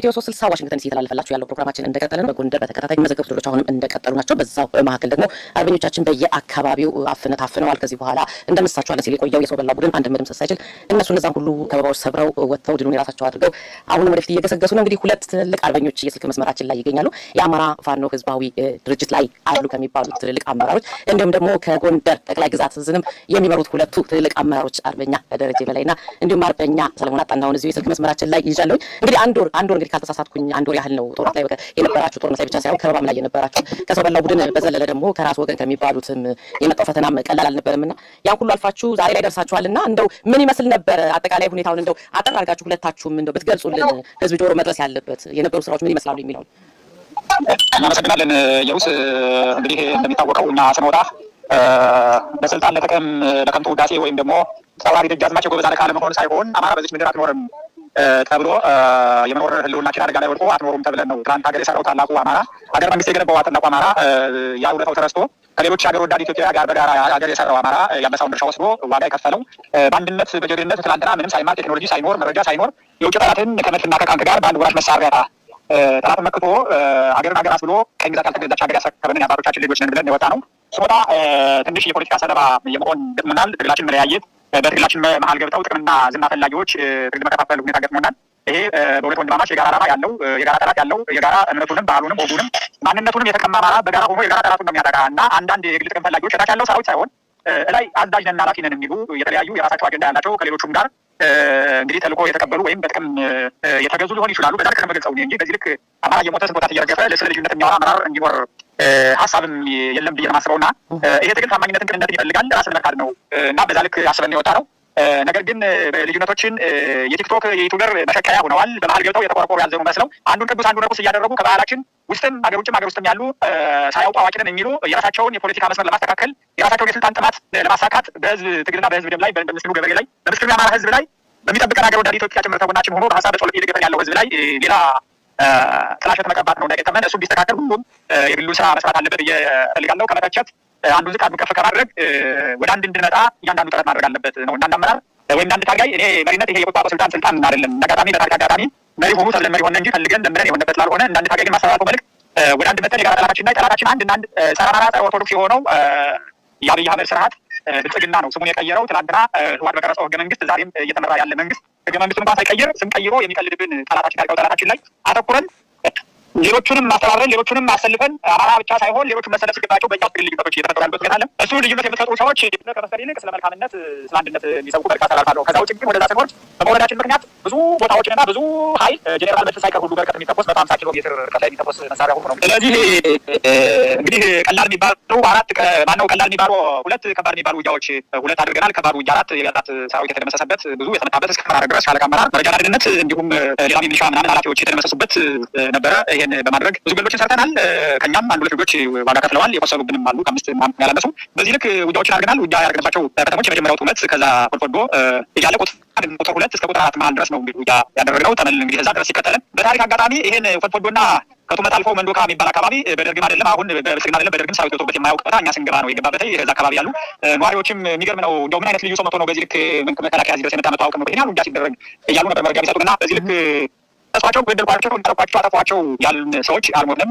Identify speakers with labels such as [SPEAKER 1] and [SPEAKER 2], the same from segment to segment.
[SPEAKER 1] ኢትዮ ሶስት ስልሳ ዋሽንግተን ዲሲ የተላለፈላችሁ ያለው ፕሮግራማችን እንደቀጠለ ነው። በጎንደር በተከታታይ የሚመዘገቡ ድሎች አሁንም እንደቀጠሉ ናቸው። በዛው መካከል ደግሞ አርበኞቻችን በየአካባቢው አፍነት አፍነዋል። ከዚህ በኋላ እንደምሳቸዋለን ሲል የቆየው የሰው በላ ቡድን አንድ ምድም ሳይችል እነሱ እነዛን ሁሉ ከበባዎች ሰብረው ወጥተው ድሉን የራሳቸው አድርገው አሁንም ወደፊት እየገሰገሱ ነው። እንግዲህ ሁለት ትልልቅ አርበኞች የስልክ መስመራችን ላይ ይገኛሉ። የአማራ ፋኖ ህዝባዊ ድርጅት ላይ አሉ ከሚባሉ ትልልቅ አመራሮች እንዲሁም ደግሞ ከጎንደር ጠቅላይ ግዛት ዝንም የሚመሩት ሁለቱ ትልልቅ አመራሮች አርበኛ ደረጀ በላይና እንዲሁም አርበኛ ሰለሞን አጣናውን እዚሁ የስልክ መስመራችን ላይ ይዣለሁኝ። እንግዲህ አንድ ወር አንድ ወር እንግዲህ ካልተሳሳትኩኝ አንድ ወር ያህል ነው ጦርነት ላይ የነበራችሁ ጦርነት ላይ ብቻ ሳይሆን ከበባም ላይ የነበራችሁ ከሰው በላው ቡድን በዘለለ ደግሞ ከራስ ወገን ከሚባሉትም የመጣው ፈተናም ቀላል አልነበረም እና ያን ሁሉ አልፋችሁ ዛሬ ላይ ደርሳችኋል እና እንደው ምን ይመስል ነበር አጠቃላይ ሁኔታውን እንደው አጠር አድርጋችሁ ሁለታችሁም እንደው ብትገልጹልን ህዝብ ጆሮ መድረስ ያለበት የነበሩ ስራዎች ምን ይመስላሉ የሚለውን እናመሰግናለን። የሩስ እንግዲህ እንደሚታወቀው እኛ ስንወጣ ለስልጣን ለጥቅም ለከንቱ ውዳሴ ወይም ደግሞ ተጠዋሪ ደጃዝማች የጎበዝ አለቃ ለመሆን ሳይሆን አማራ በዚች ምድር አትኖርም ተብሎ የመኖር ህልውናችን አደጋ ላይ ወድቆ አትኖሩም ተብለን ነው ትናንት ሀገር የሰራው ታላቁ አማራ ሀገር መንግስት የገነባው ታላቁ አማራ ያ ውለታው ተረስቶ ከሌሎች ሀገር ወዳድ ኢትዮጵያ ጋር በጋራ ሀገር የሰራው አማራ ያነሳውን ድርሻ ወስዶ ዋጋ የከፈለው በአንድነት በጀግንነት ትላንትና ምንም ሳይማር ቴክኖሎጂ ሳይኖር መረጃ ሳይኖር የውጭ ጠላትን ከመድፍና ከቃንክ ጋር በአንድ ወራሽ መሳሪያ ጠላት መክቶ ሀገርን ሀገር አስብሎ ቀኝ ግዛት ያልተገዛች ሀገር ያሰከበንን የአባቶቻችን ልጆች ነን ብለን የወጣ ነው። ስሞታ ትንሽ የፖለቲካ ሰለባ የመሆን ገጥሞናል። ትግላችን መለያየት በክልላችን መሀል ገብተው ጥቅምና ዝና ፈላጊዎች ትግል መከፋፈል ሁኔታ ገጥሞናል። ይሄ በሁለት ወንድማማች የጋራ ዓላማ ያለው የጋራ ጠላት ያለው የጋራ እምነቱንም ባህሉንም ወጉንም ማንነቱንም የተቀማ አማራ በጋራ ሆኖ የጋራ ጠላቱን የሚያጠቃ እና አንዳንድ የግል ጥቅም ፈላጊዎች እታች ያለው ሰራዊት ሳይሆን እላይ አዛዥ ነን ኃላፊ ነን የሚሉ የተለያዩ የራሳቸው አጀንዳ ያላቸው ከሌሎቹም ጋር እንግዲህ ተልእኮ የተቀበሉ ወይም በጥቅም የተገዙ ሊሆን ይችላሉ። በዛ ልክ ነው የምገልጸው እንጂ በዚህ ልክ አማራ እየሞተ ስንት ቦታ እየረገፈ ስለ ልዩነት የሚያወራ አመራር እንዲኖር ሀሳብም የለም ብዬ ማስበው እና ይሄ ትግል ታማኝነትን፣ ቅንነትን ይፈልጋል። ራስን መካድ ነው እና በዛ ልክ አስበን የወጣ ነው። ነገር ግን ልዩነቶችን የቲክቶክ የዩቱበር መሸከያ ሆነዋል። በመሀል ገብተው የተቆረቆሩ ያዘኑ መስለው አንዱን ቅዱስ አንዱን ርኩስ እያደረጉ ከባህላችን ውስጥም ሀገር ውጭም ሀገር ውስጥም ያሉ ሳያውቁ አዋቂ የሚሉ የራሳቸውን የፖለቲካ መስመር ለማስተካከል የራሳቸውን የስልጣን ጥማት ለማሳካት በህዝብ ትግልና በህዝብ ደም ላይ በምስሉ ገበሬ ላይ በምስሉ የአማራ ህዝብ ላይ በሚጠብቀን ሀገር ወዳድ ኢትዮጵያ ጭምር ተጎናችን ሆኖ በሀሳብ በጸሎት እየገጠን ያለው ህዝብ ላይ ሌላ ጥላሸት መቀባት ነው እንዳይገጠመን፣ እሱም ቢስተካከል ሁሉም የግሉን ስራ መስራት አለበት ብዬ እፈልጋለሁ። ከመተቸት አንዱ ዝቅ አንዱ ከፍ ከማድረግ ወደ አንድ እንድንመጣ እያንዳንዱ ጥረት ማድረግ አለበት ነው። እንዳንድ አመራር ወይም እንዳንድ ታጋይ እኔ መሪነት ይሄ የቁጣ ስልጣን ስልጣን አይደለም። አጋጣሚ በታሪክ አጋጣሚ መሪ ሆኑ ተብለን መሪ ሆነ እንጂ ፈልገን ለምረን የሆነበት ስላልሆነ እንዳንድ ታጋይ ግን ማስተላለፈው መልክ ወደ አንድ መተን የጋራ ጠላታችን ላይ ጠላታችን አንድ እንዳንድ አንድ ጸረ አማራ ጸረ ኦርቶዶክስ የሆነው የአብይ አህመድ ስርዓት ብልጽግና ነው ስሙን የቀየረው። ትናንትና ህወሓት በቀረጸው ህገ መንግስት ዛሬም እየተመራ ያለ መንግስት ህገ መንግስቱን እንኳን ሳይቀይር ስም ቀይሮ የሚቀልድብን ጠላታችን ታሪካዊ ጠላታችን ላይ አተኩረን ሌሎቹንም ማስተባብረን ሌሎቹንም ማሰልፈን አማራ ብቻ ሳይሆን ሌሎቹ መሰለፍ ሲገባቸው በእኛ ውስጥ ልዩነቶች እየተፈጠሩ ያሉበት ሁኔታ አለ። እሱ ልዩነት የምትፈጥሩ ሰዎች ከመፍጠር ይልቅ ስለ መልካምነት፣ ስለ አንድነት የሚሰብኩ በርካታ አላልፋለሁ። ከዛ ውጭ ግን ወደዛ ስንወርድ በመውረዳችን ምክንያት ብዙ ቦታዎችንና ብዙ ኃይል ጄኔራል መድፍ ሳይቀር ሁሉ በርቀት የሚተኮስ በጣም ኪሎ ሜትር ርቀት ላይ የሚተኮስ መሳሪያ ሁሉ ነው። ስለዚህ እንግዲህ ቀላል የሚባሉ አራት ማነው ቀላል የሚባሉ ሁለት ከባድ የሚባሉ ውጊያዎች ሁለት አድርገናል። ከባድ ውጊያ አራት የበዛት ሰራዊት የተደመሰሰበት ብዙ የተመታበት እስከ መራር ድረስ ሻለቃ አመራር መረጃና ደህንነት እንዲሁም ሌላ ሚሊሻ ምናምን ኃላፊዎች የተደመሰሱበት ነበረ። ይህን በማድረግ ብዙ ገልዶችን ሰርተናል። ከኛም አንድ ሁለት ልጆች ዋጋ ከፍለዋል። የቆሰሉብንም አሉ ከአምስት ያላነሱ። በዚህ ልክ ውጊያዎችን አድርገናል። ውጊያ ያደረግንባቸው ከተሞች የመጀመሪያው ሁለት ከዛ ኮልኮዶ እያለ ቁጥር ሁለት እስከ ቁጥር አራት መሀል ድረስ ነው እንግዲህ ውጊያ ያደረግነው። ተመል እንግዲህ እዛ ድረስ ሲከተለን በታሪክ አጋጣሚ ይህን ኮልኮዶና ከቱመት አልፎ መንዶካ የሚባል አካባቢ በደርግም አይደለም አሁን በብልጽግና አይደለም በደርግም ሰራዊት ገብቶበት የማያውቅ ቦታ እኛ ስንገባ ነው የገባበት። እዛ አካባቢ ያሉ ነዋሪዎችም የሚገርም ነው እንደው ምን አይነት ልዩ ሰው መቶ ነው በዚህ ልክ መከላከያ እዚህ ድረስ የመጣ መተዋወቅ ነው ይህን ያሉ ውጊያ ሲደረግ እያሉ ነበር መረጃ የሚሰጡን እና በዚህ ልክ ቀስኳቸው፣ ገደልኳቸው፣ እንጠረኳቸው፣ አጠፏቸው ያሉን ሰዎች አልሞትንም፣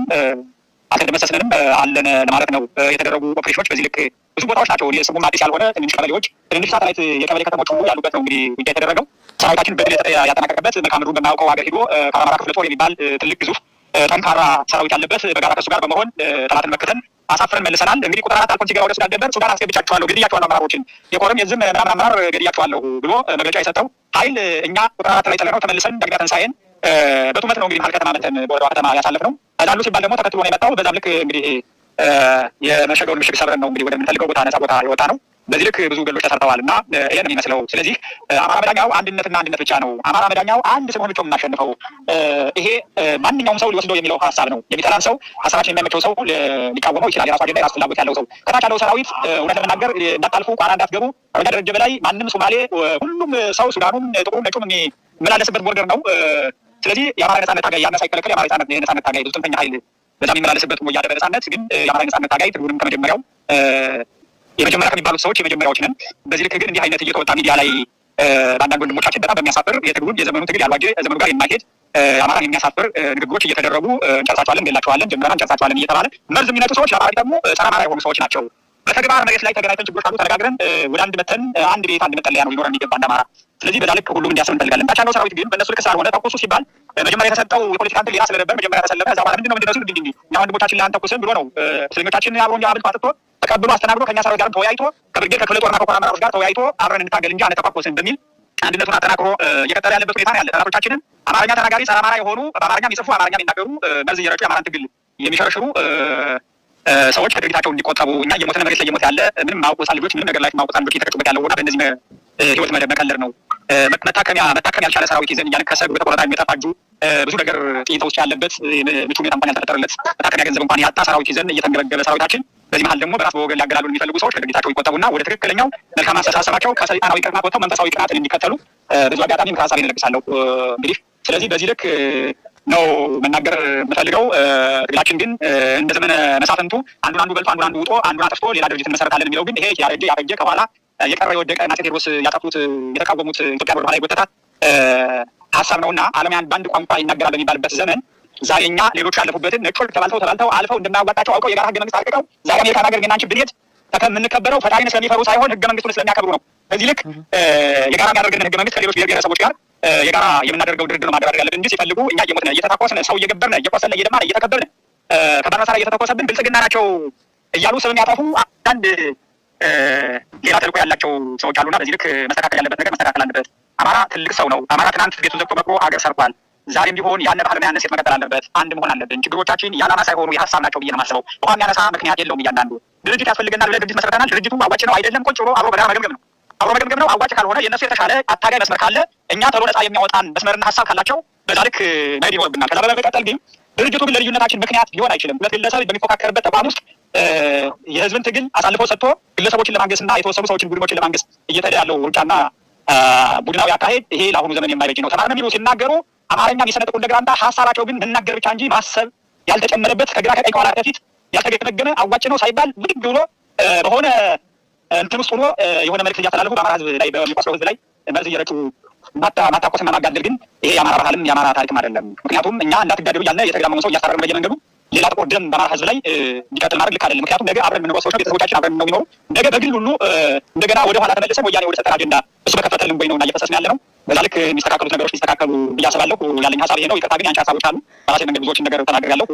[SPEAKER 1] አልተደመሰስንም አለን ለማለት ነው። የተደረጉ ኦፕሬሽኖች በዚህ ልክ ብዙ ቦታዎች ናቸው። ስሙም አዲስ ያልሆነ ትንንሽ ቀበሌዎች፣ ትንንሽ ሳተላይት የቀበሌ ከተሞች ሁሉ ያሉበት ነው እንግዲህ ውጊያ የተደረገው። ሰራዊታችን በድል ያጠናቀቀበት መልክዓ ምድሩን በማያውቀው ሀገር ሂዶ ከአማራ ክፍለ ጦር የሚባል ትልቅ ግዙፍ ጠንካራ ሰራዊት ያለበት በጋራ ከሱ ጋር በመሆን ጠላትን መክተን አሳፍረን መልሰናል። እንግዲህ ቁጥር አራት አልኮን ሲገባ ወደ ሱዳን ድንበር ሱዳን አስገብቻቸዋለሁ፣ ገድያቸዋለሁ፣ አመራሮችን የኮርም የዝም ምናምን አመራር ገድያቸዋለሁ ብሎ መግለጫ የሰጠው ኃይል እኛ ቁጥር አራት ላይ ጥለነው ተመልሰን ዳግሚያ ተንሳኤን በቱመት ነው እንግዲህ መቀለ ከተማ መተን በወረዳዋ ከተማ ነው ላሉ ሲባል ደግሞ ተከትሎ ነው የመጣው። በዛም ልክ እንግዲህ የመሸገውን ምሽግ ሰብረን ነው እንግዲህ ወደምንፈልገው ቦታ ነጻ ቦታ የወጣ ነው። በዚህ ልክ ብዙ ገሎች ተሰርተዋል እና ይህን የሚመስለው ስለዚህ አማራ መዳኛው አንድነትና አንድነት ብቻ ነው። አማራ መዳኛው አንድ ስንሆን ብቻ የምናሸንፈው ይሄ ማንኛውም ሰው ሊወስደው የሚለው ሀሳብ ነው። የሚጠላን ሰው፣ ሀሳባችን የሚያመቸው ሰው ሊቃወመው ይችላል። የራሱ አጀንዳ፣ የራሱ ፍላጎት ያለው ሰው ከታች ያለው ሰራዊት እውነት ለመናገር እንዳታልፉ፣ ቋራ እንዳትገቡ ከእኛ ደረጀ በላይ ማንም ሶማሌ፣ ሁሉም ሰው ሱዳኑም፣ ጥቁሩም፣ ነጩም የሚመላለስበት ቦርደር ነው። ስለዚህ የአማራ ነጻነት ታጋይ ያነ ሳይከለከል የአማራ ነጻነት ታጋይ ብዙ ጽንፈኛ ኃይል በጣም የሚመላለስበት ሞ እያደረ ነጻነት ግን የአማራ ነጻነት ታጋይ ትርጉንም ከመጀመሪያው የመጀመሪያ ከሚባሉት ሰዎች የመጀመሪያዎች ነን። በዚህ ልክ ግን እንዲህ አይነት እየተወጣ ሚዲያ ላይ በአንዳንድ ወንድሞቻችን በጣም በሚያሳፍር የትግሉን የዘመኑ ትግል ያልዋጀ ዘመኑ ጋር የማይሄድ አማራን የሚያሳፍር ንግግሮች እየተደረጉ እንጨርሳቸዋለን፣ እንገላቸዋለን፣ ጀምረና እንጨርሳቸዋለን እየተባለ መርዝ የሚነጡ ሰዎች ለአማራ ደግሞ ጸረ አማራ የሆኑ ሰዎች ናቸው። በተግባር መሬት ላይ ተገናኝተን ችግሮች አሉ ተነጋግረን ወደ አንድ መተን አንድ ቤት አንድ መጠለያ ነው ሊኖረን የሚገባ እንዳማራ። ስለዚህ በዛ ልክ ሁሉም እንዲያስብ እንፈልጋለን። ታች ነው ሰራዊት ግን በእነሱ ልክ ስላልሆነ ተኩሱ ሲባል መጀመሪያ የተሰጠው የፖለቲካ እንትን ሌላ ስለነበር መጀመሪያ ተሰለፈ። እዛ በኋላ ምንድነው ምንድነው ሲሉ ድንድ እኛ ወንድሞቻችን ላይ አንተኩስም ብሎ ነው እስረኞቻችን አብሮ እንጂ አብልቶ አጥቶ ተቀብሎ አስተናግዶ ከእኛ ሰራዊት ጋርም ተወያይቶ ከብርጌ ከክፍለ ጦርና ከኮር አመራሮች ጋር ተወያይቶ አብረን እንታገል እንጂ አንተኳኮስም በሚል አንድነቱን አጠናክሮ እየቀጠለ ያለበት ሁኔታ ነው ያለ። ጠላቶቻችንም አማርኛ ተናጋሪ ጸረ አማራ የሆኑ በአማርኛ የሚጽፉ አማርኛ የሚናገሩ መርዝ እየረጩ የአማራን ትግል የሚሸረሽሩ ሰዎች ከድርጊታቸው እንዲቆጠቡ እና የሞተ መሬት ላይ እየሞተ ያለ ምንም ማውቁሳን ልጆች ምንም ነገር ላይ ማውቁሳን ልጆች እየተቀጩበት ያለው ቦታ በእነዚህ ህይወት መከለር ነው። መታከሚያ መታከም ያልቻለ ሰራዊት ይዘን እያለን ከሰግ በተቆረጣ የሚጠፋጁ ብዙ ነገር ጥይታ ውስጥ ያለበት ምቹ ሁኔታ እንኳን ያልተፈጠረለት መታከሚያ ገንዘብ እንኳን ያጣ ሰራዊት ይዘን እየተንገለገለ ሰራዊታችን በዚህ መሀል ደግሞ በራስ በወገን ሊያገላሉ የሚፈልጉ ሰዎች ከድርጊታቸው ይቆጠቡና ወደ ትክክለኛው መልካም አስተሳሰባቸው ከሰይጣናዊ ቅርናት ወጥተው መንፈሳዊ ቅናትን እንዲከተሉ ብዙ አጋጣሚ ምክር ሀሳብ ይለግሳለሁ። እንግዲህ ስለዚህ በዚህ ልክ ነው መናገር የምፈልገው። ትግላችን ግን እንደ ዘመነ መሳፍንቱ አንዱን አንዱ በልቶ አንዱን አንዱ ውጦ አንዱን አጠፍቶ ሌላ ድርጅት እንመሰረታለን የሚለው ግን ይሄ ያረጀ ያረጀ ከኋላ የቀረ የወደቀ አፄ ቴድሮስ ያጠፉት የተቃወሙት ኢትዮጵያ ወደ ኋላ የጎተታት ሀሳብ ነውና ዓለም ያን በአንድ ቋንቋ ይናገራል በሚባልበት ዘመን ዛሬ እኛ ሌሎቹ ያለፉበትን ነጮች ተባልተው ተባልተው አልፈው እንደማያዋጣቸው አውቀው የጋራ ህገ መንግስት አርቅቀው ዛሬ አሜሪካን ሀገር ግን አንቺ ብንሄድ የምንከበረው ፈጣሪን ስለሚፈሩ ሳይሆን ህገ መንግስቱን ስለሚያከብሩ ነው። በዚህ ልክ የጋራ የሚያደርግንን ህገ መንግስት ከሌሎች ብሔር ብሔረሰቦች ጋር የጋራ የምናደርገው ድርድር ነው ማደራደር ያለብን እንጂ ሲፈልጉ እኛ እየሞትን እየተታኮስን ሰው እየገበርን እየቆሰልን እየደማን እየተከበርን ከባድ መሳሪያ እየተተኮሰብን ብልጽግና ናቸው እያሉ ስም የሚያጠፉ አንዳንድ ሌላ ተልዕኮ ያላቸው ሰዎች አሉና በዚህ ልክ መስተካከል ያለበት ነገር መስተካከል አለበት። አማራ ትልቅ ሰው ነው። አማራ ትናንት ቤቱን ዘግቶ መክሮ አገር ሰርቷል። ዛሬም ቢሆን ያን ባህልና ያን ሴት መቀጠል አለበት። አንድ መሆን አለብን። ችግሮቻችን የዓላማ ሳይሆኑ የሀሳብ ናቸው ብዬ ነው የማስበው። ውሃ የሚያነሳ ምክንያት የለውም። እያንዳንዱ ድርጅት ያስፈልገናል ብለህ ድርጅት መስርተናል። ድርጅቱ አዋጭ ነው አይደለም፣ ቁጭ ብሎ አብሮ በጋራ መገምገም ነው። አብሮ መገምገም ነው። አዋጭ ካልሆነ የእነሱ የተሻለ አታጋይ መስመር ካለ እኛ ተሎ ነጻ የሚያወጣን መስመርና ሀሳብ ካላቸው በዛ ልክ መሄድ ይኖርብናል። ከዛ በመቀጠል ግን ድርጅቱ ግን ለልዩነታችን ምክንያት ሊሆን አይችልም። ሁለት ግለሰብ በሚፎካከርበት ተቋም ውስጥ የህዝብን ትግል አሳልፎ ሰጥቶ ግለሰቦችን ለማንገስ እና የተወሰኑ ሰዎችን ቡድኖችን ለማንገስ እየተደ ያለው ሩጫና ቡድናዊ አካሄድ ይሄ ለአሁኑ ዘመን የማይበጅ ነው። ተማርነ የሚሉ ሲናገሩ አማርኛ የሚሰነጥቁ እንደግራንታ ሀሳባቸው ግን መናገር ብቻ እንጂ ማሰብ ያልተጨመረበት ከግራ ከቀኝ ከኋላ ከፊት ያልተገመገመ አዋጭ ነው ሳይባል ብድግ ብሎ በሆነ እንትን ውስጥ ሆኖ የሆነ መልዕክት እያስተላለፉ በአማራ ህዝብ ላይ በሚቆስለው ህዝብ ላይ መርዝ እየረጩ ማታቆስና ማጋደል ግን ይሄ የአማራ ባህልም የአማራ ታሪክም አይደለም። ምክንያቱም እኛ እንዳትጋደሉ እያለ የተገዳመሙ ሰው እያሳረርን በየመንገዱ ሌላ ጥቁር ደም በአማራ ህዝብ ላይ እንዲቀጥል ማድረግ ልክ አይደለም። ምክንያቱም ነገ አብረን የምንኖር ሰዎች ቤተሰቦቻችን አብረን ነው የሚኖሩ ነገ በግል ሁሉ እንደገና ወደኋላ ተመልሰን ወያኔ ወደ ሰጠን አጀንዳ እሱ በከፈተልን ወይ ነው እና እየፈሰስን ያለ ነው። በዛ ልክ የሚስተካከሉት ነገሮች ሊስተካከሉ እያስባለሁ ያለኝ ሀሳብ ይሄ ነው። ይቅርታ ግን ያንቺ ሀሳቦች አሉ። በራሴ መንገድ ብዙዎችን ነገር ተናግሬያለሁ።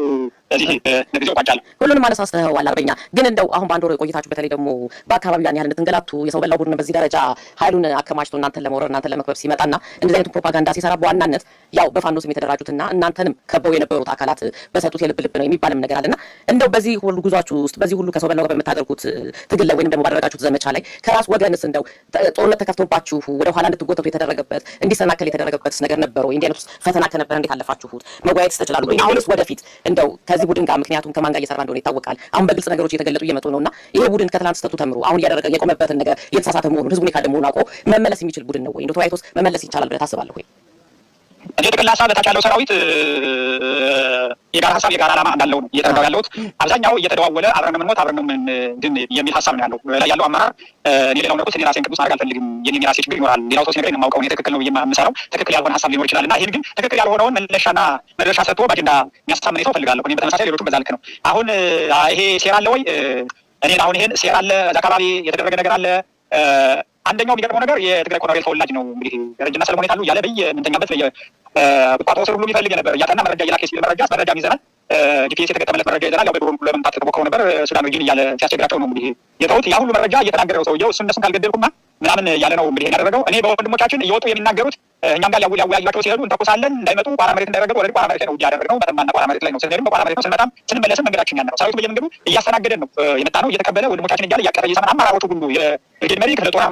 [SPEAKER 1] ስለዚህ ለጊዜው ቋጫለሁ። ሁሉንም አነሳስተዋል አርበኛ። ግን እንደው አሁን በአንድ ወር የቆይታችሁ በተለይ ደግሞ በአካባቢው ያን ያህል እንድትንገላቱ የሰው በላው ቡድን በዚህ ደረጃ ሀይሉን አከማችቶ እናንተን ለመውረር እናንተን ለመክበብ ሲመጣ ሲመጣና እንደዚህ አይነቱ ፕሮፓጋንዳ ሲሰራ በዋናነት ያው በፋኖ ስም የተደራጁትና እናንተንም ከበው የነበሩት አካላት በሰጡት የልብ ልብ ነው የሚባልም ነገር አለና እንደው በዚህ ሁሉ ጉዟችሁ ውስጥ በዚህ ሁሉ ከሰው በላው ጋር በምታደርጉት ትግል ላይ ወይም ደግሞ ባደረጋችሁት ዘመቻ ላይ ከራስ ወገንስ እንደው ጦርነት ተከፍቶባችሁ ወደኋላ እንድትጎተቱ የተደረገበት ተደረገበት እንዲሰናከል የተደረገበት ነገር ነበረ ወይ? እንዲህ አይነት ፈተና ከነበረ እንዴት አለፋችሁት? መወያየት ስትችላሉ ወይ? አሁንስ ወደፊት እንደው ከዚህ ቡድን ጋር ምክንያቱም ከማን ጋር እየሰራ እንደሆነ ይታወቃል። አሁን በግልጽ ነገሮች እየተገለጡ እየመጡ ነውና ይሄ ቡድን ከትላንት ስተቱ ተምሮ አሁን እያደረገ የቆመበትን ነገር እየተሳሳተ መሆኑን ህዝቡን የካደ መሆኑን አውቆ መመለስ የሚችል ቡድን ነው ወይ? እንደው ተወያይቶስ መመለስ ይቻላል ብለህ ታስባለህ ወይ? እንዴት ጠቅላላ በታች ያለው ሰራዊት የጋራ ሀሳብ የጋራ ዓላማ እንዳለው ነው እየተረዳው ያለሁት። አብዛኛው እየተደዋወለ አብረን ነው የምንሞት አብረን ነው የሚል ሀሳብ ነው ያለው ላይ ያለው አመራር። ሌላው ነቁስ እኔ ራሴን ቅዱስ ማድረግ አልፈልግም። የኔ ራሴ ችግር ይኖራል። ሌላው ሰው ሲነግረኝ የማውቀው እኔ ትክክል ነው የምሰራው ትክክል ያልሆነ ሀሳብ ሊኖር ይችላል እና ይህን ግን ትክክል ያልሆነውን መለሻና መድረሻ ሰጥቶ በአጀንዳ የሚያሳምን ሰው ፈልጋለሁ። እኔም በተመሳሳይ ሌሎቹም በዛ ልክ ነው። አሁን ይሄ ሴራ አለ ወይ? እኔን አሁን ይሄን ሴራ አለ፣ እዛ አካባቢ የተደረገ ነገር አለ አንደኛው የሚገርመው ነገር የትግራይ ኮሎኔል ተወላጅ ነው። እንግዲህ ደረጀና ሰለሞን የታሉ አሉ እያለ በየምንተኛበት በየቋጥሮ ስር ሁሉ የሚፈልግ ነበር እያጠና መረጃ እየላከ ሲል መረጃ መረጃ ይዘናል፣ ጂፒኤስ የተገጠመለት መረጃ ይዘናል። ያው በድሮን ለመምታት ተሞክረው ነበር ሱዳን ጅን እያለ ሲያስቸግራቸው ነው እንግዲህ የተውት። ያ ሁሉ መረጃ እየተናገረው ሰውየው። እሱ እነሱን ካልገደልኩማ ምናምን እያለ ነው እንግዲህ ያደረገው። እኔ በወንድሞቻችን እየወጡ የሚናገሩት እኛም ጋር ያወያዩቸው ሲሄዱ እንተኩሳለን እንዳይመጡ ቋራ መሬት እንዳይረገጡ ወደ ቋራ መሬት ላይ ነው ያደረግነው። በተማና ቋራ መሬት ላይ ነው ስንሄድም ቋራ መሬት ነው ስንመጣም ስንመለስም መንገዳችን ያን ነው። ሰራዊቱ በየመንገዱ እያስተናገደን ነው የመጣ ነው እየተቀበለ ወንድሞቻችን እያለ እያቀረ እየሰማን አመራሮቹ ሁሉ የብርጌድ መሪ ክፍለ ጦር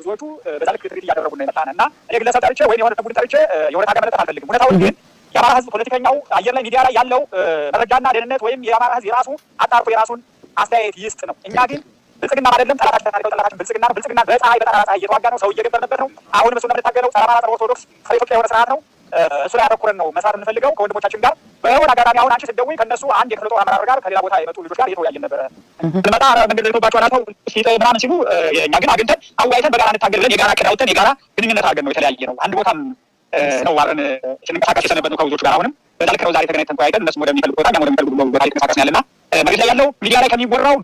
[SPEAKER 1] ብዙዎቹ በዛ ልክ ትርኢት እያደረጉ ነው የመጣን እና እኔ ግለሰብ ጠርቼ ወይም የሆነ ቡድን ጠርቼ የሆነ ታገ መለጠፍ አልፈልግም። እውነታውን ግን የአማራ ህዝብ ፖለቲከኛው አየር ላይ ሚዲያ ላይ ያለው መረጃና ደህንነት ወይም የአማራ ህዝብ የራሱ አጣርቶ የራሱን አስተያየት ይስጥ ነው። እኛ ግን ብልጽግና አይደለም ጠላታችን አድርገው ጠላታችን ብልጽግና ነው። ብልጽግና በፀሐይ በጠራራ ፀሐይ እየተዋጋ ነው። ሰው እየገበርንበት ነው። አሁንም እሱ እንደምንታገለው ኦርቶዶክስ ኢትዮጵያ የሆነ ስርዓት ነው። እሱ ላይ ያተኩረን ነው መስራት የምንፈልገው ከወንድሞቻችን ጋር በሆነ አጋጣሚ አሁን አንቺ ስትደውይ ከእነሱ አንድ የክፍለ ጦር አመራር ጋር ከሌላ ቦታ የመጡ ልጆች ጋር እየተወያየን ነበረ። መንገድ ሲጠ ምናምን ሲሉ እኛ ግን አግኝተን በጋራ እንታገል ብለን የጋራ የጋራ ግንኙነት አድርገን ነው የተለያየ ነው። አንድ ቦታም ነው አብረን ስንንቀሳቀስ የሰነበት ነው ከብዙዎቹ ጋር አሁንም ዛሬ ተገናኝተን ተወያይተን እነሱም ወደሚፈልጉ ቦታ ወደሚፈልጉ ቦታ እየተንቀሳቀስን ያለና መሬት ላይ ያለው ሚዲያ ላይ ከሚወራው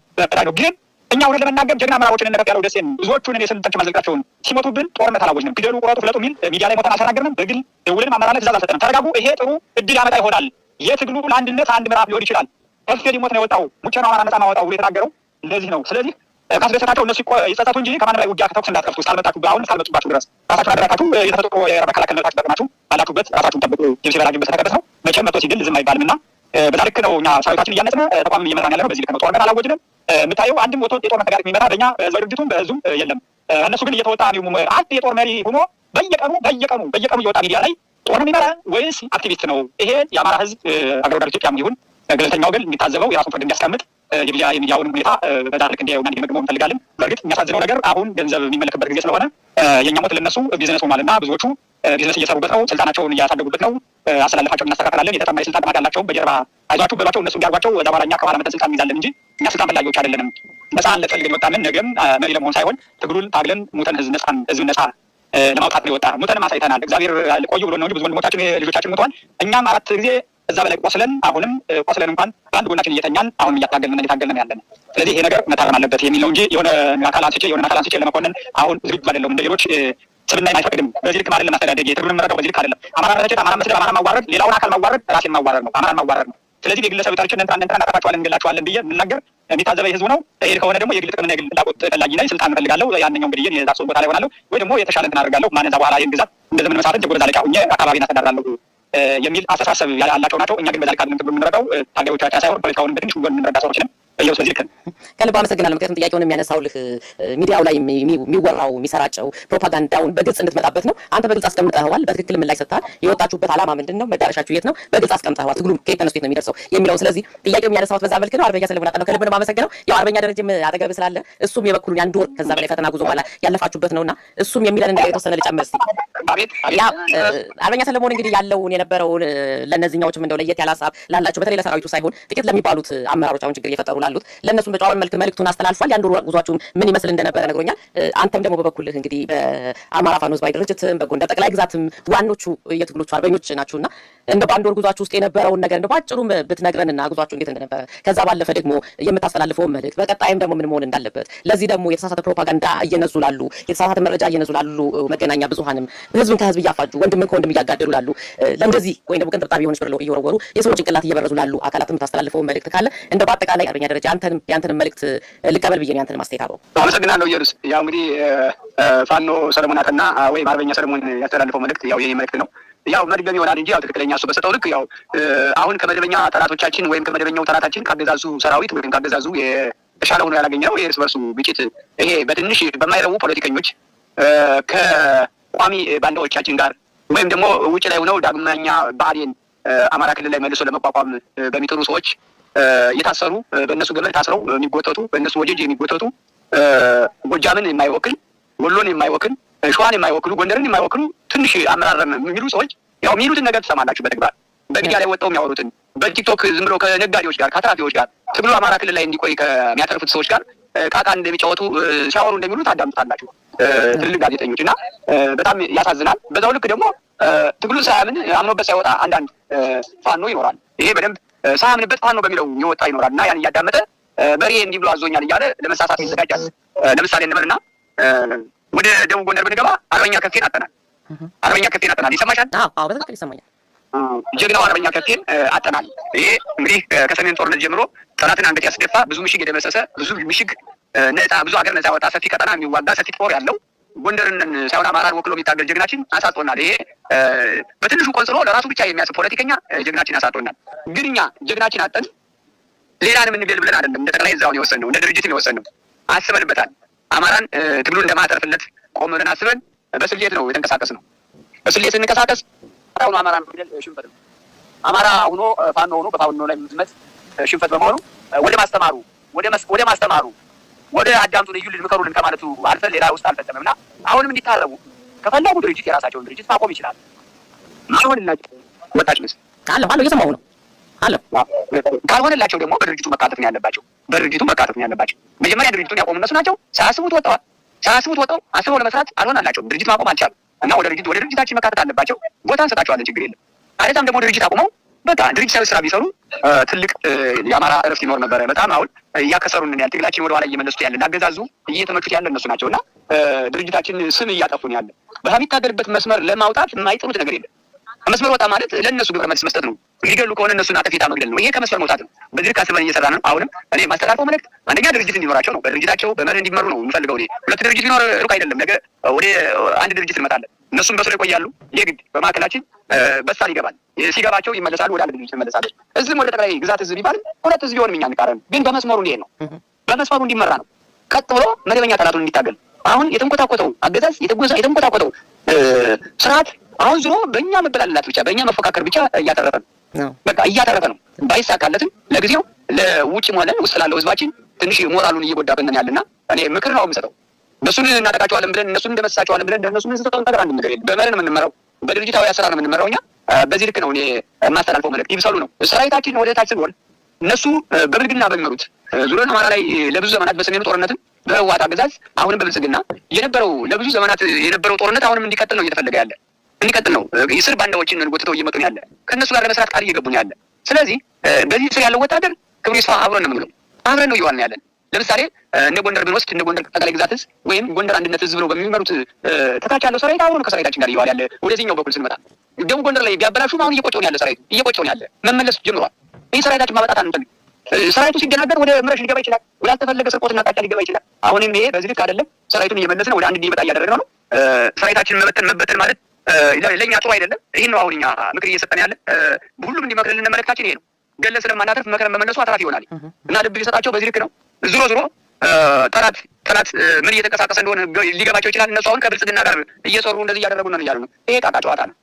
[SPEAKER 1] ነው ግን እኛ እውነት ለመናገር ጀግና ምዕራቦችን እነ ከፍ ያለው ደሴን ብዙዎቹን የስንጠንች ማዘልቃቸውን ሲሞቱብን ጦርነት አላወጅንም። ፊደሉ ቁረጡ ፍለጡ የሚል ሚዲያ ላይ ሞተን አልተናገርንም። በግል ደውልን አመራርነት ትእዛዝ አልሰጠንም። ተረጋጉ፣ ይሄ ጥሩ እድል ያመጣ ይሆናል። የትግሉ ለአንድነት አንድ ምዕራፍ ሊሆን ይችላል። እፍ ሊሞት ነው የወጣው ሙቸ ነው አማራ ነጻ ማወጣው ብሎ የተናገረው እንደዚህ ነው። ስለዚህ ካስደሰታቸው እነሱ ይጸጸቱ እንጂ ከማንም ላይ ውጊያ ከተኩስ እንዳትከፍቱ እስካልመጣችሁ አሁን እስካልመጡባችሁ ድረስ ራሳችሁን አደራታችሁ የተፈጥሮ መከላከል መብታችሁ ጠቅማችሁ ባላችሁበት ራሳችሁን ጠብቁ። ጅብ ሲበላ ጅንበስ ነው። መቼም መጥቶ ሲግል ዝም አይባልም እና በዛ ልክ ነው እኛ ሰራዊታችን እያነጽነ ተቋም እየመራን ያለ ነው። በዚህ ልክ ነው ጦርነት አላወጅንም። የምታየው አንድም ወጥቶ የጦር መተጋር የሚመራ በእኛ በድርጅቱም በዙም የለም። እነሱ ግን እየተወጣ አንድ የጦር መሪ ሆኖ በየቀኑ በየቀኑ በየቀኑ እየወጣ ሚዲያ ላይ ጦር የሚመራ ወይስ አክቲቪስት ነው? ይሄ የአማራ ህዝብ አገር ወዳድ ኢትዮጵያም ይሁን ገለልተኛው ግን የሚታዘበው የራሱን ፍርድ እንዲያስቀምጥ የሚዲያ የሚዲያውን ሁኔታ በዳርክ እንዲያዩና እንዲገመግመው እንፈልጋለን። በእርግጥ የሚያሳዝነው ነገር አሁን ገንዘብ የሚመለክበት ጊዜ ስለሆነ የእኛ ሞት ለነሱ ቢዝነስ ሆኗልና ብዙዎቹ ቢዝነስ እየሰሩበት ነው። ስልጣናቸውን እያሳደጉበት ነው። አስተላለፋቸውን እናስተካከላለን። የተጠማ ስልጣን ጥማት ያላቸው በጀርባ አይዟችሁ በሏቸው፣ እነሱ እንዲያርጓቸው። ወደ በኋላ እኛ ከኋላ መጠን ስልጣን እንይዛለን እንጂ እኛ ስልጣን ፈላጊዎች አይደለንም። ነፃ ልፈልግ የወጣንን ነገም መሪ ለመሆን ሳይሆን ትግሉን ታግለን ሙተን ህዝብ ነፃን ህዝብ ነፃ ለማውጣት ነው የወጣ። ሙተንም አሳይተናል። እግዚአብሔር ቆዩ ብሎ ነው እንጂ ብዙ ወንድሞቻችን ልጆቻችን ሙተዋል። እኛም አራት ጊዜ እዛ በላይ ቆስለን አሁንም ቆስለን እንኳን በአንድ ጎናችን እየተኛን አሁንም እያታገልንና እየታገልንን ያለን። ስለዚህ ይሄ ነገር መታረም አለበት የሚል ነው እንጂ የሆነ አካል አንስቼ የሆነ አካል አንስቼ ለመኮንን አሁን ዝግጁ አይደለሁም እንደ ሌሎች ስብና አይፈቅድም። በዚህ ልክ አይደለም አስተዳደግ የትግሉን መረዳው በዚህ ልክ አይደለም። አማራ መተቸት፣ አማራ መስደብ፣ አማራ ማዋረድ፣ ሌላውን አካል ማዋረድ ራሴን ማዋረድ ነው፣ አማራን ማዋረድ ነው። ስለዚህ የግለሰብ ታሪችን እንትና እንትና እናጠፋቸዋለን እንገላቸዋለን ብዬ የምናገር የሚታዘበ ህዝቡ ነው። ይሄድ ከሆነ ደግሞ የግል ጥቅምና የግል ፍላጎት ፈላጊ ነኝ፣ ስልጣን እፈልጋለሁ፣ ያንኛው እንግዲህ የዛ ቦታ ላይ ሆናለሁ ወይ ደግሞ የተሻለ እንትን አደርጋለሁ፣ ማንዛ በኋላ ይህን ግዛት እንደ መሳፍንት የጎበዝ አለቃ ሁኜ አካባቢን አስተዳድራለሁ የሚል አስተሳሰብ ያላቸው ናቸው። እኛ ግን በዛ ልክ አይደለም ትግሉ የምንረዳው ታጋዮቻቻ ሳይሆን ፖለቲካውን በትንሹ ጎን የምንረዳ ሰዎች ነን። ከልብ አመሰግናለሁ። ምክንያቱም ጥያቄውን የሚያነሳውልህ ሚዲያው ላይ የሚወራው የሚሰራጨው ፕሮፓጋንዳውን በግልጽ እንድትመጣበት ነው። አንተ በግልጽ አስቀምጠኸዋል። በትክክል ምላሽ ሰጥተሃል። የወጣችሁበት ዓላማ ምንድን ነው? መዳረሻችሁ የት ነው? በግልጽ አስቀምጠኸዋል። ትግሉም ከየት ተነስቶ ነው የሚደርሰው የሚለውን ስለዚህ ጥያቄው የሚያነሳውት በዛ መልክ ነው። አርበኛ ሰለሞን አጣነው ከልብ ነው የማመሰግነው። ያው አርበኛ ደረጀም አጠገብ ስላለ እሱም የበኩሉን አንድ ወር ከዛ በላይ ፈተና ጉዞ በኋላ ያለፋችሁበት ነው ነውና እሱም የሚለን ነገር የተወሰነ ልጨምር እስኪ። ያው አርበኛ ሰለሞን እንግዲህ ያለውን የነበረውን ለእነዚህኛዎችም እንደው ለየት ያለ ሀሳብ ላላቸው በተለይ ለሰራዊቱ ሳይሆን ጥቂት ለሚባሉት አመራሮች አሁን ችግር እየፈጠሩ ላሉት ለእነሱም በጨዋወር መልክ መልእክቱን አስተላልፏል። የአንድ ወር ጉዟችሁም ምን ይመስል እንደነበረ ነግሮኛል። አንተም ደግሞ በበኩልህ እንግዲህ በአማራ ፋኖ ህዝባዊ ድርጅትም በጎንደር ጠቅላይ ግዛትም ዋኖቹ የትግሎቹ አርበኞች ናችሁና እንደ በአንድ ወር ጉዟችሁ ውስጥ የነበረውን ነገር እንደ ብትነግረን ብትነግረንና ጉዟችሁ እንዴት እንደነበረ ከዛ ባለፈ ደግሞ የምታስተላልፈውን መልእክት በቀጣይም ደግሞ ምን መሆን እንዳለበት ለዚህ ደግሞ የተሳሳተ ፕሮፓጋንዳ እየነዙ ላሉ የተሳሳተ መረጃ እየነዙ ላሉ መገናኛ ብዙሀንም ህዝብን ከህዝብ እያፋጁ ወንድምን ከወንድም እያጋደሉ ላሉ ለእንደዚህ ወይ ደግሞ ቅንጥብጣቢ የሆነች ብሎ እየወረወሩ የሰው ጭንቅላት እየበረዙ ላሉ አካላት የምታስተላልፈውን መልእክት ካለ እንደ በአጠቃላይ አርበኛ ደረጃ አንተንም ያንተንም መልእክት ልቀበል ብዬ ነው ያንተንም አስተያየት አለው። አመሰግናለሁ ኢየሩስ። ያው እንግዲህ ፋኖ ሰለሞን አጠና ወይም አርበኛ ሰለሞን ያስተላልፈው መልእክት ያው የኔ መልእክት ነው። ያው መድገም ይሆናል እንጂ ያው ትክክለኛ እሱ በሰጠው ልክ ያው አሁን ከመደበኛ ጠላቶቻችን ወይም ከመደበኛው ጠላታችን ካገዛዙ ሰራዊት ወይም ካገዛዙ የተሻለ ሆኖ ያላገኘ ነው የእርስ በርሱ ግጭት ይሄ በትንሽ በማይረቡ ፖለቲከኞች ከቋሚ ባንዳዎቻችን ጋር ወይም ደግሞ ውጭ ላይ ሆነው ዳግመኛ ብአዴን አማራ ክልል ላይ መልሶ ለመቋቋም በሚጥሩ ሰዎች የታሰሩ በእነሱ ገበል ታስረው የሚጎተቱ በእነሱ ወጀጅ የሚጎተቱ ጎጃምን የማይወክል ወሎን የማይወክል ሸዋን የማይወክሉ ጎንደርን የማይወክሉ ትንሽ አመራር የሚሉ ሰዎች ያው የሚሉትን ነገር ትሰማላችሁ። በተግባር በሚዲያ ላይ ወጣው የሚያወሩትን በቲክቶክ ዝም ብሎ ከነጋዴዎች ጋር ከአትራፊዎች ጋር ትግሉ አማራ ክልል ላይ እንዲቆይ ከሚያተርፉት ሰዎች ጋር ቃቃ እንደሚጫወቱ ሲያወሩ እንደሚሉት አዳምጣላችሁ ትልልቅ ጋዜጠኞች እና በጣም ያሳዝናል። በዛው ልክ ደግሞ ትግሉ ሳያምን አምኖበት ሳይወጣ አንዳንድ ፋኖ ይኖራል። ይሄ በደንብ ሳያምንበት ፋኖ በሚለው የወጣ ይኖራል እና ያን እያዳመጠ መሪ እንዲህ ብሎ አዞኛል እያለ ለመሳሳት ይዘጋጃል። ለምሳሌ እንበልና ወደ ደቡብ ጎንደር ብንገባ አርበኛ ከፍቴን አጠናል። አርበኛ ከፍቴን አጠናል። ይሰማሻል? አዎ፣ በትክክል ይሰማኛል። ጀግናው አርበኛ ከፍቴን አጠናል። ይሄ እንግዲህ ከሰሜን ጦርነት ጀምሮ ጠላትን አንገት ያስደፋ ብዙ ምሽግ የደመሰሰ ብዙ ምሽግ ነጻ ብዙ ሀገር ነጻ ወጣ ሰፊ ቀጠና የሚዋጋ ሰፊ ጦር ያለው ጎንደርን ሳይሆን አማራን ወክሎ የሚታገል ጀግናችን አሳጦናል። ይሄ በትንሹ ቆንጽሎ ለራሱ ብቻ የሚያስብ ፖለቲከኛ ጀግናችን አሳጦናል። ግን እኛ ጀግናችን አጠን ሌላን የምንገል ብለን አይደለም። እንደ ጠቅላይ እዛውን የወሰን ነው እንደ ድርጅትም የወሰን ነው አስበንበታል። አማራን ትግሉን እንደማጠርፍለት ቆም ብለን አስበን በስሌት ነው የተንቀሳቀስ ነው። በስሌት ስንንቀሳቀስ ሁኑ አማራ ሽንፈት ነው። አማራ ሁኖ ፋኖ ሆኖ በፋኖ ላይ ምዝመት ሽንፈት በመሆኑ ወደ ማስተማሩ ወደ ማስተማሩ ወደ ልዩ እዩልን ምከሩልን ከማለቱ አልፈ ሌላ ውስጥ አልፈጸመም እና አሁንም እንዲታረቡ ከፈለጉ ድርጅት የራሳቸውን ድርጅት ማቆም ይችላል። ካልሆንላቸው ወጣች ምስ አለ አለሁ እየሰማሁ ነው አለ ካልሆነላቸው ደግሞ በድርጅቱ መካተት ነው ያለባቸው። በድርጅቱ መካተት ነው ያለባቸው። መጀመሪያ ድርጅቱን ያቆሙ እነሱ ናቸው። ሳያስቡት ወጥተዋል። ሳያስቡት ወጠው አስበው ለመስራት አልሆነላቸውም። ድርጅት ማቆም አልቻሉ። እና ወደ ድርጅት ወደ ድርጅታችን መካተት አለባቸው። ቦታ እንሰጣቸዋለን፣ ችግር የለም። አለዛም ደግሞ ድርጅት አቁመው በጣም ድርጅታዊ ስራ ቢሰሩ ትልቅ የአማራ እረፍት ይኖር ነበረ። በጣም አሁን እያከሰሩንን ያለ ትግላችን ወደኋላ እየመለሱት ያለ እንዳገዛዙ እየተመቹት ያለ እነሱ ናቸው እና ድርጅታችን ስም እያጠፉን ያለ በሚታገልበት መስመር ለማውጣት የማይጥሩት ነገር የለም። ከመስመር ወጣ ማለት ለእነሱ ግብረ መልስ መስጠት ነው። ሊገሉ ከሆነ እነሱን አጠፊታ መግደል ነው። ይሄ ከመስመር መውጣት ነው። በድርቅ አስበን እየሰራ ነው። አሁንም እኔ ማስተላልፈው መልዕክት አንደኛ ድርጅት እንዲኖራቸው ነው። በድርጅታቸው በመርህ እንዲመሩ ነው የምፈልገው። ሁለት ድርጅት ቢኖር ሩቅ አይደለም። ነገ ወደ አንድ ድርጅት እንመጣለን። እነሱም በስሩ ይቆያሉ። የግድ በማዕከላችን በሳል ይገባል። ሲገባቸው ይመለሳሉ፣ ወደ አንድ ድርጅት ይመለሳለች። ህዝብም ወደ ጠቅላይ ግዛት ህዝብ ቢባል ሁለት ህዝብ ቢሆንም እኛ እንቃረን፣ ግን በመስመሩ እንዲሄድ ነው። በመስመሩ እንዲመራ ነው። ቀጥ ብሎ መደበኛ ጠላቱን እንዲታገል አሁን የተንኮታኮተው አገዛዝ የተንኮታኮተው ስርዓት አሁን ዝሮ በእኛ መበላላት ብቻ በእኛ መፎካከር ብቻ እያተረፈ ነው። በቃ እያተረፈ ነው። ባይሳካለትም ለጊዜው ለውጭ ሆነን ውስጥ ላለው ህዝባችን ትንሽ ሞራሉን እየጎዳብን ያለና እኔ ምክር ነው የምሰጠው። እነሱን እናጠቃቸዋለን ብለን እነሱን እንደመሳቸዋለን ብለን እነሱን እንስጠው ነገር አንድ ነገር የለም። በመርህ ነው የምንመራው። በድርጅታዊ አሰራር ነው የምንመራው እኛ በዚህ ልክ ነው እኔ የማስተላልፈው መልዕክት። ይብሰሉ ነው ሰራዊታችን ወደ ታች ስንሆን እነሱ በብልግና በሚመሩት ዙረን አማራ ላይ ለብዙ ዘመናት በሰሜኑ ጦርነትም በህወሓት አገዛዝ አሁንም በብልጽግና የነበረው ለብዙ ዘመናት የነበረው ጦርነት አሁንም እንዲቀጥል ነው እየተፈለገ ያለ እንዲቀጥል ነው። ስር ባንዳዎችን ጎትተው እየመጡ ያለ ከእነሱ ጋር ለመስራት ቃል እየገቡ ያለ። ስለዚህ በዚህ ስር ያለው ወታደር ክብር ይስፋ፣ አብረን ነው የምንለው፣ አብረን ነው እየዋልን ያለን። ለምሳሌ እንደ ጎንደር ብንወስድ እንደ ጎንደር ጠቅላይ ግዛት እዝ ወይም ጎንደር አንድነት ህዝብ ነው በሚመሩት ተታች ያለው ሰራዊት አብሮ ከሰራዊታችን ጋር እየዋል ያለ። ወደዚህኛው በኩል ስንመጣ ደቡብ ጎንደር ላይ ቢያበላሹም አሁን እየቆጨው ነው ያለ ሰራዊቱ እየቆጨው ነው ያለ መመለስ ጀምሯል። ይህ ሰራዊታችን ማበጣት አንፈልግም። ሰራዊቱ ሲደናገር ወደ ምረሽ ሊገባ ይችላል። ወዳልተፈለገ ስርቆትና ጣጫ ሊገባ ይችላል። አሁንም ይሄ በዚህ ልክ አይደለም። ሰራዊቱን ነው ወደ አንድ እንዲመጣ እያደረግነው ነው። ሰራዊታችን መበተን መበተን ማለት ለእኛ ጥሩ አይደለም። ይህን ነው አሁን እኛ ምክር እየሰጠን ያለ ሁሉም እንዲመክርልን መልእክታችን ይሄ ነው። ገለ ስለማናተርፍ መከረም መመለሱ አትራፊ ይሆናል እና ልብ ሊሰጣቸው በዚህ ልክ ነው። ዝሮ ዝሮ ጠላት ጠላት ምን እየተንቀሳቀሰ እንደሆነ ሊገባቸው ይችላል። እነሱ አሁን ከብልጽግና ጋር እየሰሩ እንደዚህ እያደረጉ ነው እያሉ ነው። ይሄ ቃቃ ጨዋታ ነው።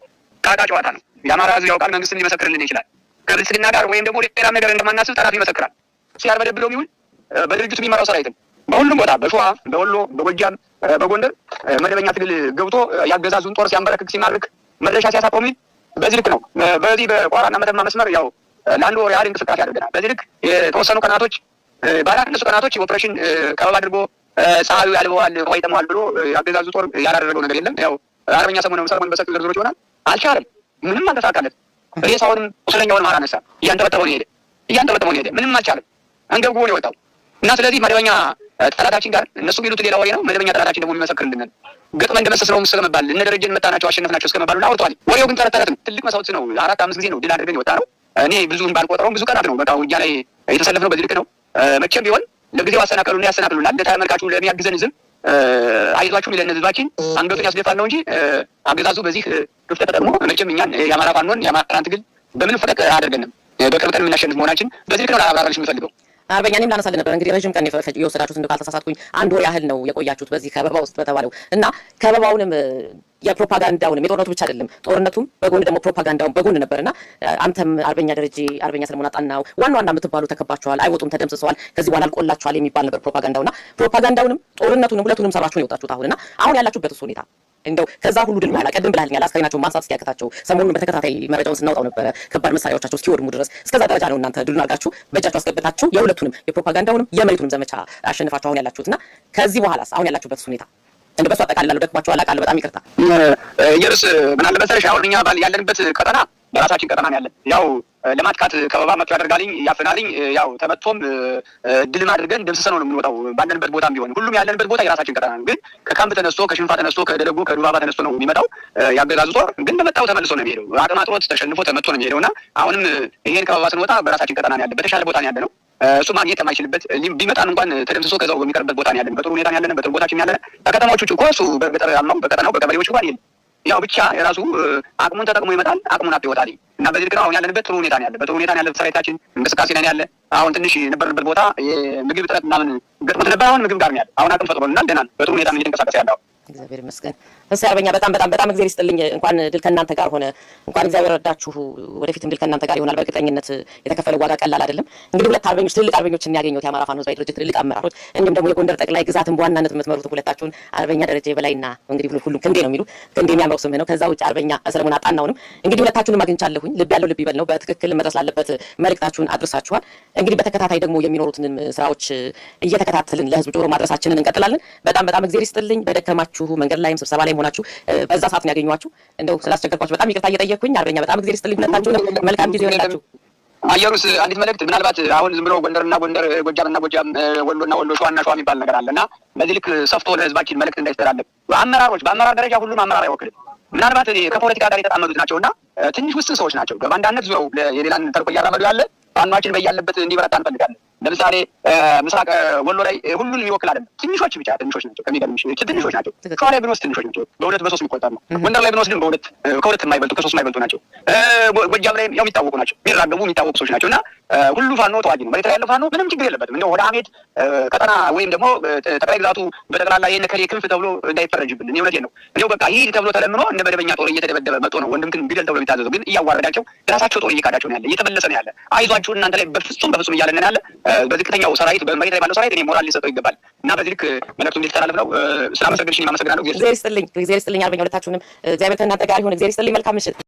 [SPEAKER 1] ቃቃ ጨዋታ ነው። የአማራ ህዝብ ያውቃል፣ መንግስትም ሊመሰክርልን ይችላል። ከብልጽግና ጋር ወይም ደግሞ ሌላም ነገር እንደማናስብ ጠላት ይመሰክራል። እሱ ያልበደብለው ይሁን በድርጅቱ የሚመራው ሰራዊትም በሁሉም ቦታ በሸዋ፣ በወሎ፣ በጎጃም፣ በጎንደር መደበኛ ትግል ገብቶ ያገዛዙን ጦር ሲያንበረክክ ሲማርክ መድረሻ ሲያሳጣው ሚል በዚህ ልክ ነው። በዚህ በቋራና መተማ መስመር ያው ለአንድ ወር ያህል እንቅስቃሴ አድርገናል። በዚህ ልክ የተወሰኑ ቀናቶች ባላነሱ ቀናቶች ኦፕሬሽን ከበብ አድርጎ ፀሐዩ ያልበዋል፣ ውሃ ይጠማዋል ብሎ ያገዛዙ ጦር ያላደረገው ነገር የለም። ያው አርበኛ ሰሞኑን ሰሞኑን በሰፊው ዘርዝሮች ይሆናል። አልቻለም። ምንም አልተሳካለት። ሬሳውንም ቁስለኛውንም አላነሳ። እያንጠበጠበው ሄደ፣ እያንጠበጠበው ሄደ። ምንም አልቻለም። አንገብግቦ ነው የወጣው እና ስለዚህ መደበኛ ጠላታችን ጋር እነሱ የሚሉት ሌላ ወሬ ነው። መደበኛ ጠላታችን ደግሞ እንደመሰስ ነው ደመሰስነውም ስለመባል እነ ደረጀን መታናቸው አሸነፍናቸው እስከመባሉ ና አውርተዋል። ወሬው ግን ተረት ተረት ነው። ትልቅ መሳውት ነው። አራት አምስት ጊዜ ነው ድል አድርገን የወጣ ነው። እኔ ብዙን ባልቆጠረውም ብዙ ቀናት ነው። በቃ ውጊያ ላይ የተሰለፍነው በዚህ ልክ ነው። መቼም ቢሆን ለጊዜው አሰናከሉና ያሰናክሉናል። ለተመልካቹ ለሚያግዘን ዝም አይዟችሁ ሊለን ህዝባችን አንገቱን ያስደፋል ነው እንጂ አገዛዙ በዚህ ክፍተት ተጠቅሞ መቼም እኛን የአማራ ፋኖን የአማራን ትግል በምንም ፈቀቅ አያደርገንም። በቅርብ ቀን የምናሸንፍ መሆናችን በዚህ ልክ ነው ለአብራራልሽ የምፈልገው። አርበኛ እኔም ላነሳልህ ነበር እንግዲህ ረዥም ቀን የወሰዳችሁት እንደው ካልተሳሳትኩኝ አንድ ወር ያህል ነው የቆያችሁት በዚህ ከበባ ውስጥ በተባለው እና ከበባውንም የፕሮፓጋንዳውንም የጦርነቱ ብቻ አይደለም ጦርነቱም በጎን ደግሞ ፕሮፓጋንዳውን በጎን ነበር እና አንተም አርበኛ ደረጀ አርበኛ ሰለሞን አጣናው ዋና ዋና የምትባሉ ተከባችኋል፣ አይወጡም፣ ተደምስሰዋል፣ ከዚህ በኋላ አልቆላችኋል የሚባል ነበር ፕሮፓጋንዳውና ፕሮፓጋንዳውንም ጦርነቱንም ሁለቱንም ሰብራችሁን የወጣችሁት አሁን እና አሁን ያላችሁበት ሁኔታ እንደው ከዛ ሁሉ ድል በኋላ ቀደም ብላልኛል፣ አስከሬናቸው ማንሳት እስኪያቅታቸው ሰሞኑን በተከታታይ መረጃውን ስናወጣው ነበረ፣ ከባድ መሳሪያዎቻቸው እስኪወድሙ ድረስ እስከዛ ደረጃ ነው እናንተ ድሉን አድርጋችሁ በእጃችሁ አስገብታችሁ የሁለቱንም የፕሮፓጋንዳውንም የመሬቱንም ዘመቻ አሸንፋችሁ አሁን ያላችሁትና ከዚህ በኋላስ አሁን ያላችሁበት ሁኔታ እንደ በሱ አጠቃልላለሁ። ደክሟቸዋል አውቃለሁ። በጣም ይቅርታ። የርስ ምን አለ መሰለሽ፣ አሁን እኛ ያለንበት ቀጠና በራሳችን ቀጠና ነው ያለን። ያው ለማጥቃት ከበባ መቶ ያደርጋልኝ ያፍናልኝ። ያው ተመቶም ድልም አድርገን ደምስሰን ነው የምንወጣው። ባለንበት ቦታም ቢሆን ሁሉም ያለንበት ቦታ የራሳችን ቀጠና ነው። ግን ከካምፕ ተነስቶ ከሽንፋ ተነስቶ ከደደጉ ከዱባባ ተነስቶ ነው የሚመጣው ያገዛዙ ጦር። ግን በመጣው ተመልሶ ነው የሚሄደው። አቅም አጥሮት ተሸንፎ ተመቶ ነው የሚሄደው እና አሁንም ይሄን ከበባ ስንወጣ በራሳችን ቀጠና ነው ያለን። በተሻለ ቦታ ነው ያለ ነው እሱ ማግኘት የማይችልበት ቢመጣን እንኳን ተደምስሶ ከዛው በሚቀርበት ቦታ ያለን። በጥሩ ሁኔታ ያለን። በጥሩ ቦታችን ያለን። ከከተማዎቹ ውጭ እኮ እሱ በገጠር ያልነው በቀጠናው በቀበሌዎች እንኳን ይሄን ያው ብቻ የራሱ አቅሙን ተጠቅሞ ይመጣል፣ አቅሙን አጥቶ ይወጣል። እና በዚህ ልክ አሁን ያለንበት ጥሩ ሁኔታ ነው ያለ። በጥሩ ሁኔታ ነው ያለ። ሰራዊታችን እንቅስቃሴ ነን ያለ። አሁን ትንሽ የነበርንበት ቦታ የምግብ እጥረት ምናምን ገጥሞት ነበር። አሁን ምግብ ጋር ነው ያለ። አሁን አቅም ፈጥሮልናል። ደህና ነው። በጥሩ ሁኔታ ነው እየተንቀሳቀሰ ያለው። እግዚአብሔር ይመስገን። እሰይ አርበኛ በጣም በጣም በጣም እግዚአብሔር ይስጥልኝ። እንኳን ድል ከእናንተ ጋር ሆነ። እንኳን እግዚአብሔር ረዳችሁ። ወደፊትም ድል ከእናንተ ጋር ይሆናል። በእርግጠኝነት የተከፈለ ዋጋ ቀላል አይደለም። እንግዲህ ሁለት አርበኞች ትልቅ አርበኞች ያገኘሁት የአማራ ፋኖ ህዝባዊ ድርጅት ትልቅ አመራሮች፣ እንዲሁም ደግሞ የጎንደር ጠቅላይ ግዛትን በዋናነት የምትመሩት ሁለታችሁን አርበኛ ደረጀ በላይና እንግዲህ ሁሉም ክንዴ ነው የሚሉ ክንዴ የሚያምረው ስምህ ነው። ከዛ ውጭ አርበኛ ሰለሞን አጣናውንም እንግዲህ ሁለታችሁንም አግኝቻለሁኝ። ልብ ያለው ልብ ይበል ነው። በትክክል መድረስ ላለበት መልእክታችሁን አድርሳችኋል። እንግዲህ በተከታታይ ደግሞ የሚኖሩትንም ስራዎች እየተከታተልን ለህዝብ ጆሮ ማድረሳችንን እንቀጥላለን። በጣም በጣም እግዚአብሔር ይስጥልኝ። በደከማችሁ መንገድ ላይም ስብሰባ ላይ በመሆናችሁ በዛ ሰዓት ነው እንደው ስላስቸገርኳችሁ በጣም ይቅርታ እየጠየቅኩኝ አርበኛ በጣም እግዜር ይስጥልኝ። ሁለታችሁንም መልካም ጊዜ ይሆንላችሁ። አየሩስ አንዲት መልእክት ምናልባት አሁን ዝም ብሎ ጎንደርና ጎንደር፣ ጎጃምና ጎጃም፣ ወሎና ወሎ፣ ሸዋና ሸዋ የሚባል ነገር አለ እና በዚህ ልክ ሰፍቶ ለህዝባችን መልእክት እንዳይስተላለፍ አመራሮች በአመራር ደረጃ ሁሉም አመራር አይወክልም። ምናልባት ከፖለቲካ ጋር የተጣመዱት ናቸው እና ትንሽ ውስን ሰዎች ናቸው። በባንዳነት ዙረው የሌላን ተልዕኮ እያራመዱ ያለ ፋኗችን በያለበት እንዲበረታ እንፈልጋለን። ለምሳሌ ምስራቅ ወሎ ላይ ሁሉን የሚወክል አይደለም። ትንሾች ብቻ ትንሾች ናቸው፣ ከሚገርምሽ ትንሾች ናቸው። ሸዋ ላይ ብንወስድ ትንሾች ናቸው፣ በሁለት በሶስት የሚቆጠር ነው። ጎንደር ላይ ብንወስድ በሁለት ከሁለት የማይበልጡ ከሶስት የማይበልጡ ናቸው። ጎጃም ላይ ያው የሚታወቁ ናቸው፣ ቢራገቡ የሚታወቁ ሰዎች ናቸው። እና ሁሉ ፋኖ ተዋጊ ነው። መሬት ላይ ያለው ፋኖ ምንም ችግር የለበትም። እንደው ወደ አሜድ ቀጠና ወይም ደግሞ ጠቅላይ ግዛቱ በጠቅላላ ይህን ከሌ ክንፍ ተብሎ እንዳይፈረጅብን፣ እኔ እውነቴን ነው። እንደው በቃ ይህ ተብሎ ተለምኖ እንደ መደበኛ ጦር እየተደበደበ መጦ ነው ወንድም ግን ቢደል ተብሎ የሚታዘዘው ግን እያዋረዳቸው የራሳቸው ጦር እየካዳቸው ነው ያለ፣ እየተመለሰ ነው ያለ። አይዟችሁን እናንተ ላይ በፍጹም በፍጹም እያለንን ያለ በዝቅተኛው ሰራዊት በመሬት ላይ ባለው ሰራዊት እኔ ሞራል ሊሰጠው ይገባል እና በዚህ ልክ መልዕክቱ እንዲተላለፍ ነው። ስላመሰገንሽኝ አመሰግናለሁ። እግዚአብሔር ይስጥልኝ። እግዚአብሔር ይስጥልኝ። አርበኛ ሁለታችሁንም እግዚአብሔር ከእናንተ ጋር ይሁን። እግዚአብሔር ይስጥልኝ። መልካም ምሽት።